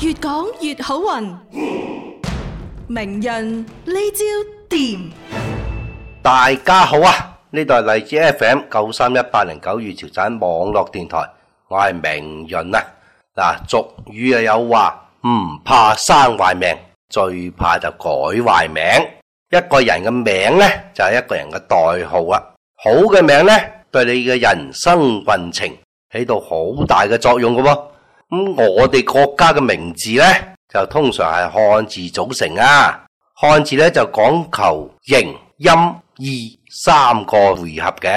越講越好運， 名人呢招掂。大家好啊！呢度係荔枝 FM 九三一八零九粵潮仔網絡電台，我係明潤啊。嗱，俗語又有話「唔怕生壞命」，最怕就改壞名。一個人嘅名咧，就係、是、一個人嘅代號啊。好嘅名咧，對你嘅人生運程起到好大嘅作用噶、啊、喎。咁、嗯、我哋國家嘅名字呢，就通常係漢字組成啊。漢字呢，就講求形、音、意三個回合嘅。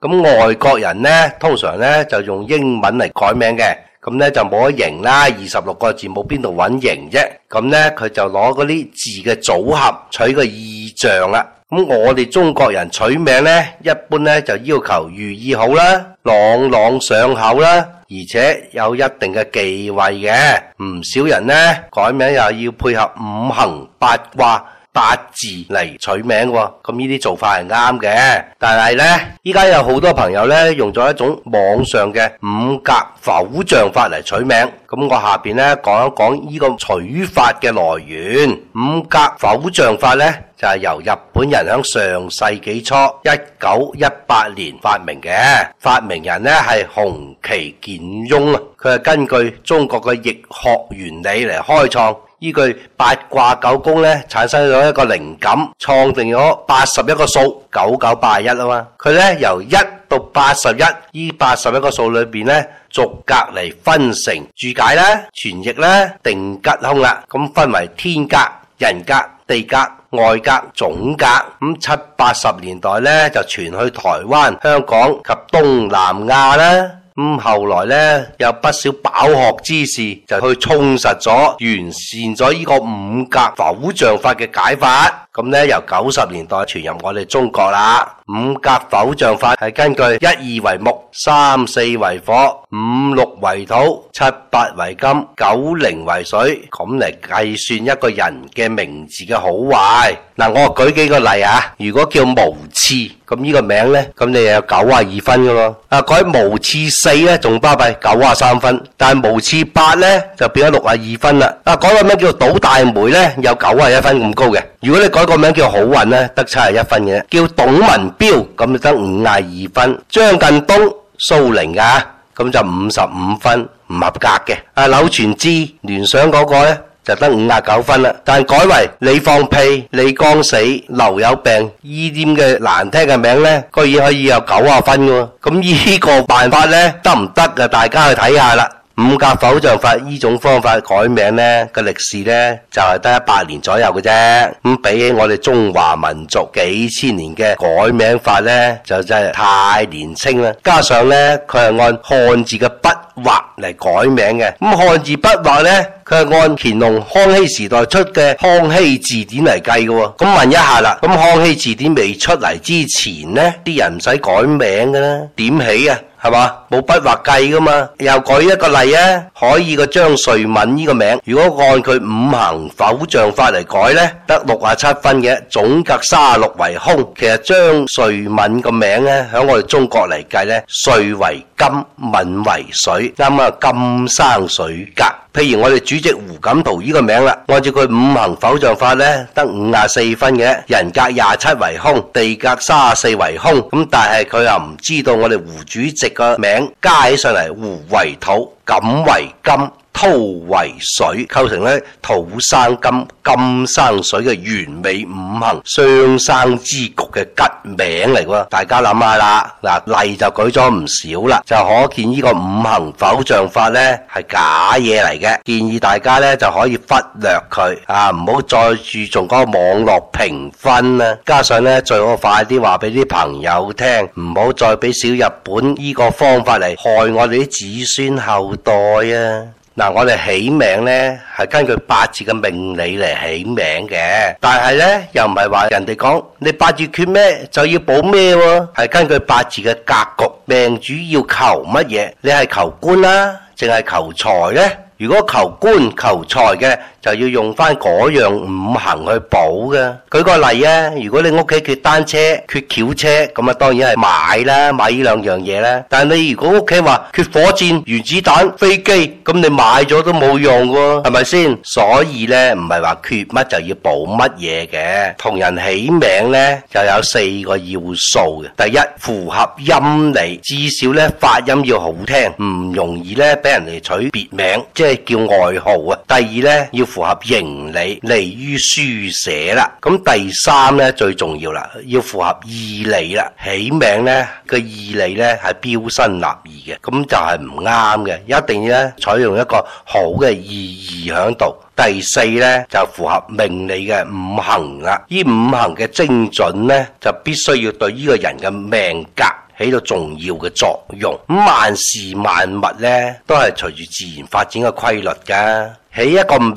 咁、嗯、外國人呢，通常呢，就用英文嚟改名嘅。咁、嗯、呢，就冇得形啦，二十六個字冇邊度揾形啫。咁、嗯、呢，佢就攞嗰啲字嘅組合，取個意象啊。咁我哋中國人取名呢，一般呢就要求寓意好啦、朗朗上口啦，而且有一定嘅忌諱嘅。唔少人呢改名又要配合五行八卦。八字嚟取名喎，咁呢啲做法係啱嘅。但係呢，依家有好多朋友呢，用咗一種網上嘅五格剖象法嚟取名。咁我下邊呢，講一講呢個取法嘅來源。五格剖象法呢，就係、是、由日本人響上世紀初一九一八年發明嘅，發明人呢，係熊崎健翁。啊。佢係根據中國嘅易學原理嚟開創。依句八卦九宮咧，產生咗一個靈感，創定咗八十一個數九九八一啊嘛。佢咧由一到八十一依八十一個數裏邊咧，逐格嚟分成注解啦、傳譯啦、定吉空啦。咁分為天格、人格、地格、外格、總格。咁七八十年代咧，就傳去台灣、香港及東南亞咧。咁、嗯、後來咧，有不少飽學之士就去充實咗、完善咗呢個五格剖象法嘅解法。咁咧由九十年代傳入我哋中國啦，五格剖象法係根據一二為木、三四為火、五六為土、七八為金、九零為水咁嚟計算一個人嘅名字嘅好壞。嗱，我舉幾個例啊，如果叫無刺，咁呢個名咧，咁你有九啊二分噶咯。啊，改無刺四咧仲巴閉，九啊三分，但係無刺八咧就變咗六啊二分啦。啊，講到咩叫做倒大霉咧，有九啊一分咁高嘅。如果你講，一個名叫好運咧，得七十一分嘅；叫董文彪咁，得五十二分；張近東、蘇寧啊，咁就五十五分，唔合格嘅。阿柳傳志聯想嗰個咧，就得五十九分啦。但改為你放屁、你剛死、劉有病呢啲嘅難聽嘅名咧，居然可以有九十分嘅。咁呢個辦法咧，得唔得啊？大家去睇下啦。五格剖象法呢種方法改名呢個歷史呢，就係得一百年左右嘅啫，咁比起我哋中華民族幾千年嘅改名法呢，就真係太年輕啦。加上呢，佢係按漢字嘅筆畫嚟改名嘅，咁、嗯、漢字筆畫呢，佢係按乾隆、康熙時代出嘅、嗯嗯《康熙字典》嚟計嘅。咁問一下啦，咁《康熙字典》未出嚟之前呢，啲人唔使改名㗎啦，點起啊，係嘛？冇筆畫計噶嘛？又舉一個例啊，可以個張瑞敏呢個名，如果按佢五行剖象法嚟改咧，得六十七分嘅，總格三十六為空。其實張瑞敏個名咧，喺我哋中國嚟計咧，瑞為金，敏為水，啱啊，金生水格。譬如我哋主席胡錦濤呢個名啦，按照佢五行剖象法咧，得五十四分嘅，人格廿七為空，地格三十四為空。咁但係佢又唔知道我哋胡主席個名。加起上嚟，胡為土，錦為金，土為水，構成咧土生金、金生水嘅完美五行相生之局嘅吉名嚟喎，大家諗下啦。嗱，例就舉咗唔少啦，就可見呢個五行剖象法咧係假嘢嚟嘅，建議大家咧就可以忽略佢啊，唔好再注重嗰個網絡評分啦、啊。加上咧，最好快啲話俾啲朋友聽，唔好再俾小日本呢個方法嚟害我哋啲子孫後代啊！嗱，我哋起名呢，係根據八字嘅命理嚟起名嘅，但係呢，又唔係話人哋講你八字缺咩就要補咩喎，係根據八字嘅格局，命主要求乜嘢？你係求官啦、啊，淨係求財呢。如果求官求財嘅。就要用翻嗰樣五行去補嘅。舉個例啊，如果你屋企缺單車、缺轎車，咁啊當然係買啦，買呢兩樣嘢啦。但係你如果屋企話缺火箭、原子彈、飛機，咁你買咗都冇用嘅，係咪先？所以咧，唔係話缺乜就要補乜嘢嘅。同人起名咧就有四個要素嘅。第一，符合音理，至少咧發音要好聽，唔容易咧俾人哋取別名，即係叫外號啊。第二咧要。符合形理，利於書寫啦。咁第三咧最重要啦，要符合意理啦。起名咧個意理咧係標新立異嘅，咁就係唔啱嘅。一定要咧採用一個好嘅意義響度。第四咧就符合命理嘅五行啦。呢五行嘅精準咧就必須要對呢個人嘅命格起到重要嘅作用。咁萬事萬物咧都係隨住自然發展嘅規律噶。起一個名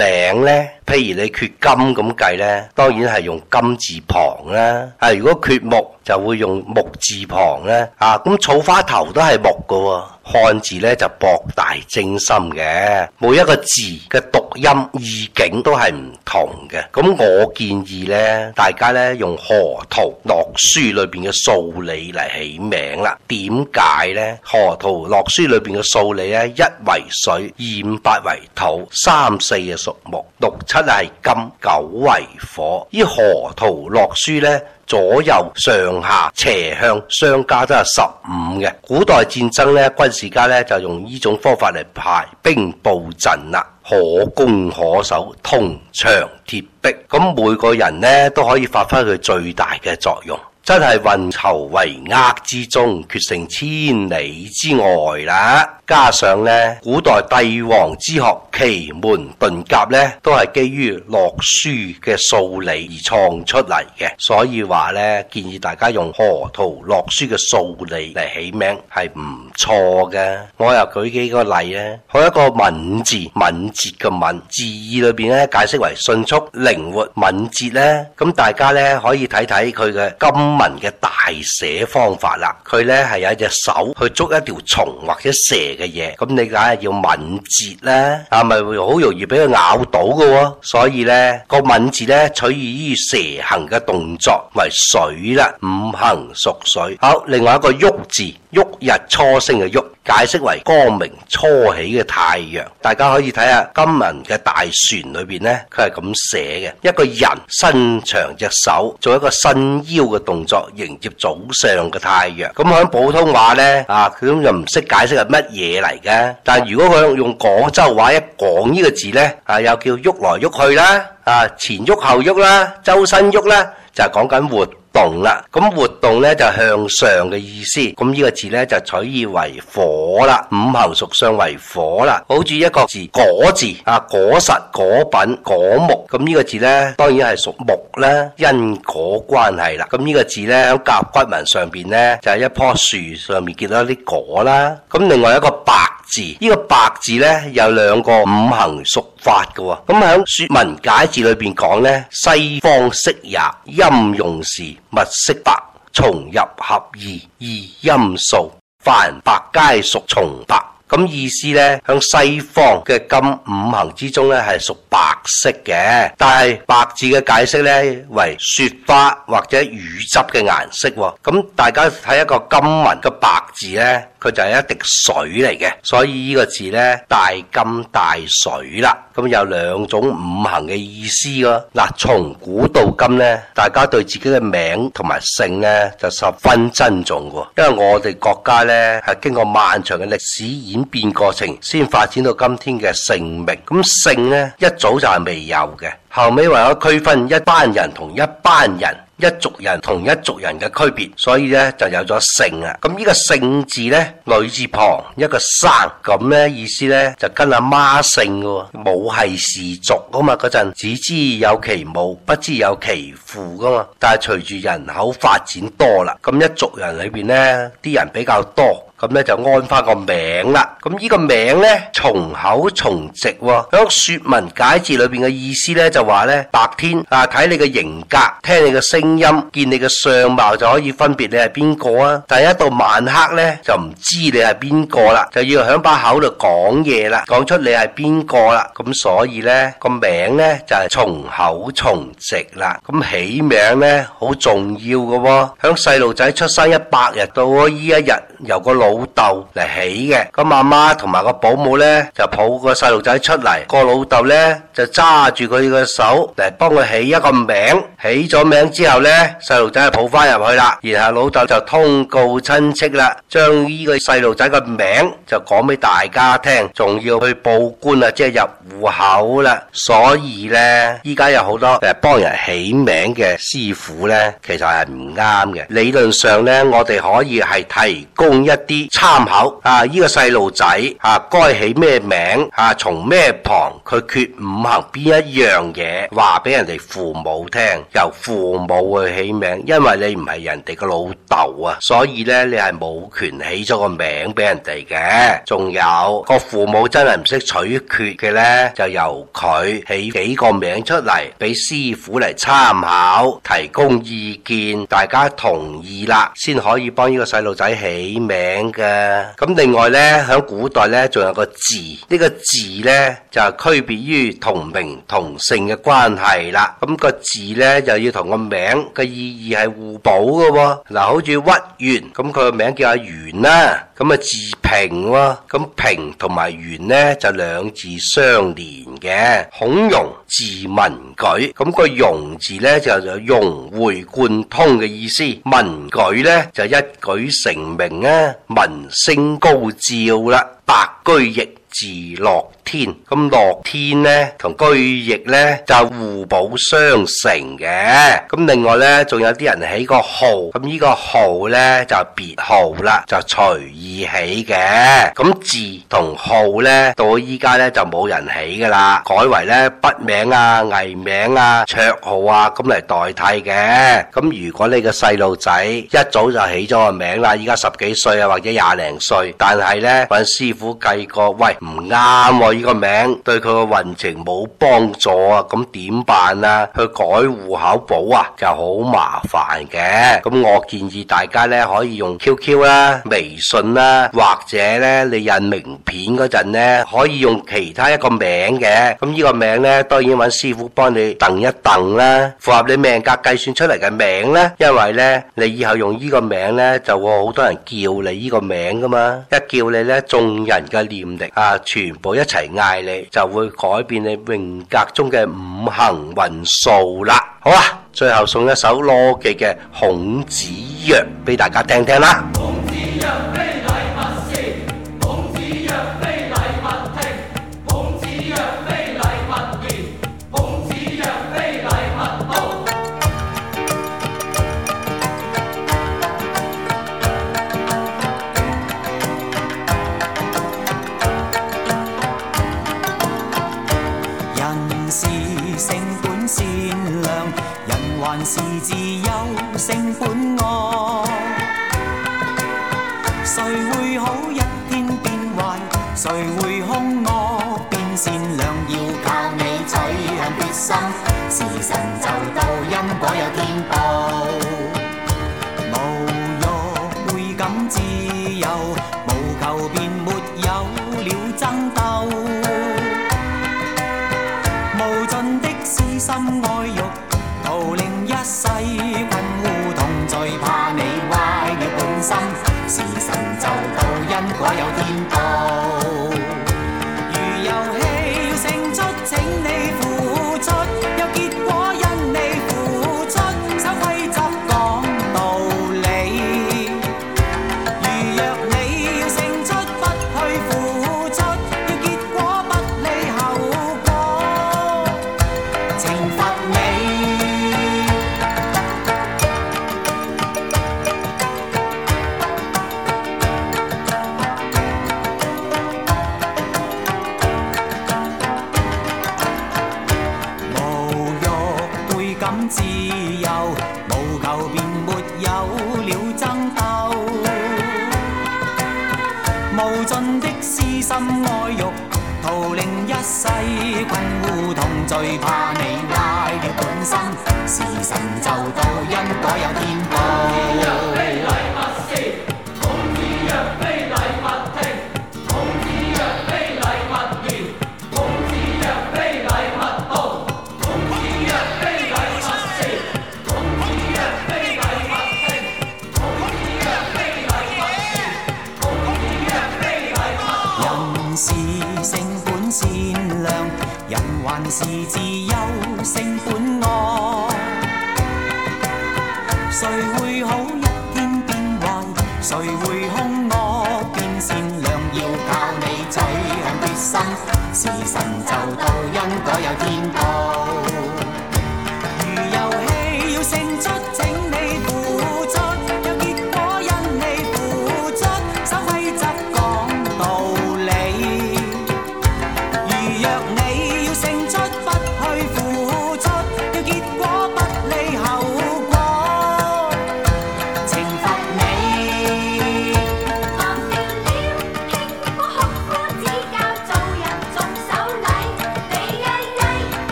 咧，譬如你缺金咁計咧，當然係用金字旁啦。啊，如果缺木。就會用木字旁咧，啊咁草花頭都係木嘅喎。漢字咧就博大精深嘅，每一個字嘅讀音意境都係唔同嘅。咁我建議咧，大家咧用河圖洛書裏邊嘅數理嚟起名啦。點解咧？河圖洛書裏邊嘅數理咧，一為水，二五八為土，三四啊屬木，六七啊係金，九為火。而河圖洛書咧。左右上下斜向相加都係十五嘅。古代戰爭咧，軍事家咧就用呢種方法嚟排兵布陣啦，可攻可守，銅牆鐵壁。咁每個人咧都可以發揮佢最大嘅作用，真係運籌帷幄之中，決勝千里之外啦。加上咧，古代帝王之學奇門遁甲咧，都係基於洛書嘅數理而創出嚟嘅。所以話咧，建議大家用河圖洛書嘅數理嚟起名係唔錯嘅。我又舉幾個例咧，好一個敏字、敏捷嘅敏字義裏邊咧，解釋為迅速、靈活、敏捷咧。咁大家咧可以睇睇佢嘅金文嘅大寫方法啦。佢咧係有一隻手去捉一條蟲或者蛇嘅嘢，咁你梗係要敏捷啦，啊，咪會好容易俾佢咬到噶，所以咧個敏捷咧取意於蛇行嘅動作，為水啦，五行屬水。好，另外一個旭字，旭日初升嘅旭。解釋為光明初起嘅太陽，大家可以睇下《金文嘅大船》裏邊咧，佢係咁寫嘅。一個人伸長隻手，做一個伸腰嘅動作，迎接早上嘅太陽。咁喺普通話咧，啊佢都又唔識解釋係乜嘢嚟嘅。但係如果佢用廣州話一講呢個字咧，啊又叫喐來喐去啦，啊前喐後喐啦，周身喐啦，就係講緊活。動啦，咁活動咧就向上嘅意思，咁呢個字咧就取意為火啦，五行屬相為火啦，好似一個字果字啊，果實、果品、果木，咁呢個字咧當然係屬木啦，因果關係啦，咁呢個字咧喺甲骨文上邊咧就係、是、一樖樹上面見到一啲果啦，咁另外一個白字呢個白字呢，有兩個五行屬法嘅喎、啊，咁、嗯、喺《說文解字》裏邊講呢，西方色也，陰用事，物色白，從入合二，二陰數，凡白皆屬從白。咁意思呢，向西方嘅金五行之中呢，係屬白色嘅。但係白字嘅解釋呢，為雪花或者乳汁嘅顏色喎。咁、嗯、大家睇一個金文嘅白字呢，佢就係一滴水嚟嘅，所以呢個字呢，大金大水啦。咁、嗯、有兩種五行嘅意思咯。嗱，從古到今呢，大家對自己嘅名同埋姓呢，就十分珍重嘅，因為我哋國家呢，係經過漫長嘅歷史演演變過程先發展到今天嘅姓名，咁姓呢，一早就係未有嘅，後尾為咗區分一班人同一班人、一族人同一族人嘅區別，所以呢就有咗姓啊。咁呢個姓字呢，女字旁一個生，咁呢意思呢？就跟阿媽姓嘅，母系氏族啊嘛，嗰陣只知有其母，不知有其父噶嘛。但係隨住人口發展多啦，咁一族人裏邊呢啲人比較多。咁咧就安翻個名啦。咁呢個名咧，從口從直喎。響《說文解字》裏邊嘅意思咧，就話咧白天啊睇你嘅型格，聽你嘅聲音，見你嘅相貌，就可以分別你係邊個啊。但係一到晚黑咧，就唔知你係邊個啦，就要響把口度講嘢啦，講出你係邊個啦。咁所以咧個名咧就係從口從直啦。咁起名咧好重要嘅喎。響細路仔出生一百日到呢一日由個六。老豆嚟起嘅，咁阿媽同埋個保姆咧就抱個細路仔出嚟，個老豆咧就揸住佢個手嚟幫佢起一個名，起咗名之後咧，細路仔就抱翻入去啦。然後老豆就通告親戚啦，將呢個細路仔個名就講俾大家聽，仲要去報官啊，即係入戶口啦。所以咧，依家有好多誒幫人起名嘅師傅咧，其實係唔啱嘅。理論上咧，我哋可以係提供一啲。參考啊！呢個細路仔啊，該起咩名啊？從咩旁？佢缺五行邊一樣嘢，話俾人哋父母聽，由父母去起名。因為你唔係人哋個老豆啊，所以咧你係冇權起咗個名俾人哋嘅。仲有個父母真係唔識取決嘅咧，就由佢起幾個名出嚟，俾師傅嚟參考，提供意見。大家同意啦，先可以幫呢個細路仔起名。嘅，咁另外咧，響古代咧仲有個字，呢、這個字咧就係區別於同名同姓嘅關係啦。咁、嗯那個字咧就要同個名嘅意義係互補嘅。嗱，好似屈原，咁佢個名叫阿元啦。啊咁啊，字平喎，咁平同埋圓咧就兩字相連嘅，孔融字文舉，咁、那個融字咧就有融會貫通嘅意思，文舉咧就一舉成名啊，文星高照啦。白居易字樂天，咁樂天咧同居易咧就互補相成嘅。咁另外咧仲有啲人起個號，咁呢個號咧就別號啦，就隨意起嘅。咁字同號咧到依家咧就冇人起噶啦，改為咧筆名啊、藝名啊、綽號啊咁嚟代替嘅。咁如果你個細路仔一早就起咗個名啦，依家十幾歲啊或者廿零歲，但係咧搵師。師傅計過，喂唔啱喎，呢個名對佢個運程冇幫助啊，咁點辦啊？去改戶口簿啊，就好麻煩嘅。咁我建議大家咧可以用 QQ 啦、微信啦，或者咧你印名片嗰陣咧可以用其他一個名嘅。咁呢個名咧當然揾師傅幫你定一定啦，符合你命格計算出嚟嘅名啦。因為咧你以後用呢個名咧就會好多人叫你呢個名噶嘛，一叫你咧仲。人嘅念力啊，全部一齊嗌你，就會改變你命格中嘅五行運數啦。好啊，最後送一首羅技嘅《孔子曰》俾大家聽聽啦。孔子曰你取向必心，時辰就到，因果有天報。無求便沒有了爭鬥。無盡的私心愛欲，徒令一世困苦痛，最怕你壞了本心。時辰就到，因果有天。